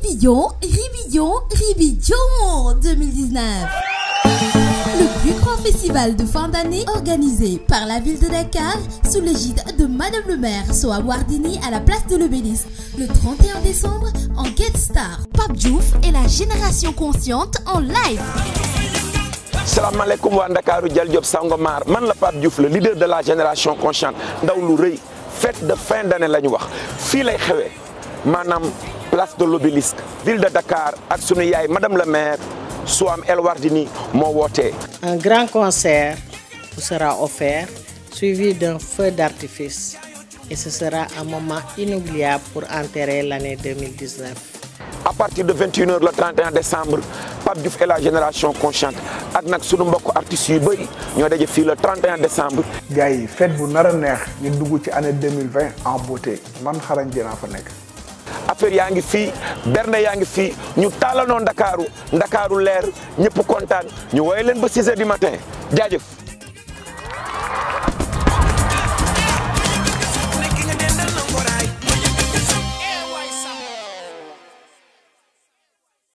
Ribillon, Ribillon, Ribillon 2019. Le plus grand festival de fin d'année organisé par la ville de Dakar sous l'égide de Madame le maire Soa Wardini à la place de l'Obélisque le 31 décembre en Get Star. pap Djouf et la génération consciente en live. alaikum wa Ndakaaru Diop Sangomar man la le leader de la génération consciente dans le fête de fin d'année la nuit. wax fii place de l'obélisque ville de Dakar ak madame la maire Soham El Wardini un grand concert sera offert suivi d'un feu d'artifice et ce sera un moment inoubliable pour enterrer l'année 2019 à partir de 21h le 31 décembre Pape Diouf et la génération consciente ak sunu artistes le 31 décembre. gars année 2020 en beauté affaire yaa ngi fii bernde yaa ngi fii ñu taalanoo ndakaaru ndakaaru leer ñëpp kontaan ñu woye leen ba 6 heures matin jaajëf